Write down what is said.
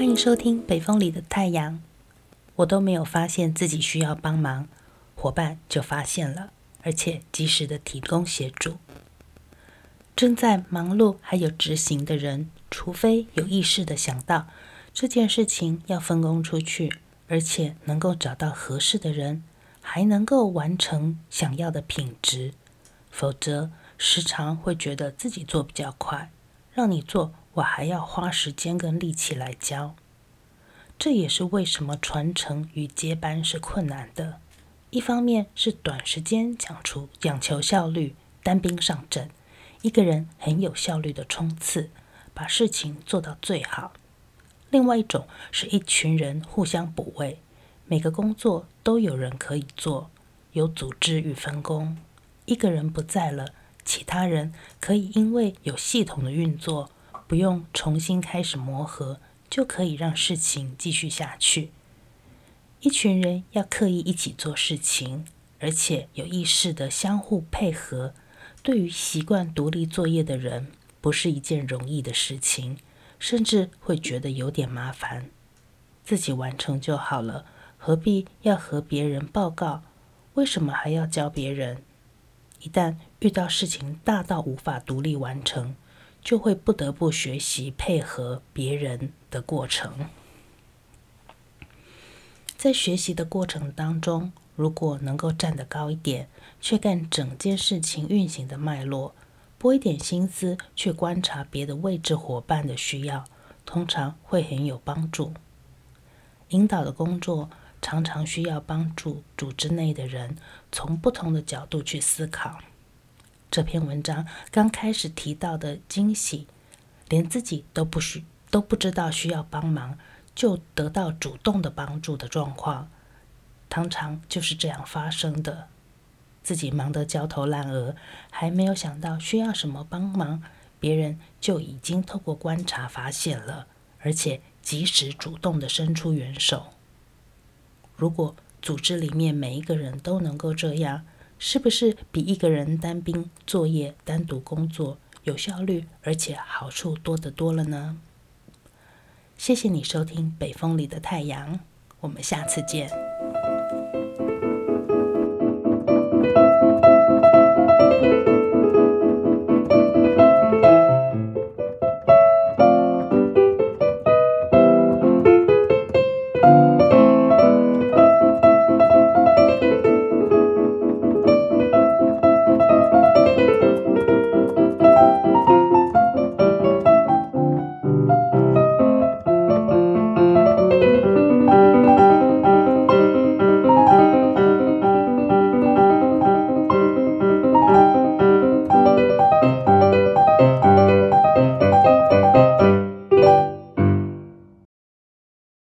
歡迎收聽《北風裡的太陽》。我都沒有發現自己需要幫忙，夥伴就發現了，而且及時的提供協助。正在忙碌還有執行的人，除非有意識的想到這件事情要分工出去，而且能夠找到合適的人，還能夠完成想要的品質，否則時常會覺得自己做比較快，讓你做。我還要花時間跟力氣來教，這也是為什麼傳承與接班是困難的。一方面是短時間講出，講求效率，單兵上陣，一個人很有效率的衝刺，把事情做到最好，另外一種是一群人互相補位，每個工作都有人可以做，有組織與分工。一個人不在了，其他人可以因為有系統的運作，不用重新開始磨合，就可以讓事情繼續下去。一群人要刻意一起做事情，而且有意識的相互配合，對於習慣獨立作業的人，不是一件容易的事情，甚至會覺得有點麻煩。自己完成就好了，何必要和別人報告？為什麼還要教別人？一旦遇到事情大到無法獨立完成，就會不得不學習配合別人的過程。在學習的過程當中，如果能夠站得高一點，去看整件事情運行的脈絡，撥一點心思去觀察別的位置夥伴的需要，通常會很有幫助。引導的工作常常需要幫助組織內的人從不同的角度去思考。這篇文章剛開始提到的驚喜，連自己都不需、都不知道需要幫忙，就得到主動的幫助的狀況，常常就是這樣發生的。自己忙得焦頭爛額，還沒有想到需要什麼幫忙，別人就已經透過觀察發現了，而且及時主動的伸出援手。如果組織裡面每一個人都能夠這樣，是不是比一個人單兵作業、單獨工作有效率，而且好處多得多了呢？謝謝你收聽《北風裡的太陽》，我們下次見。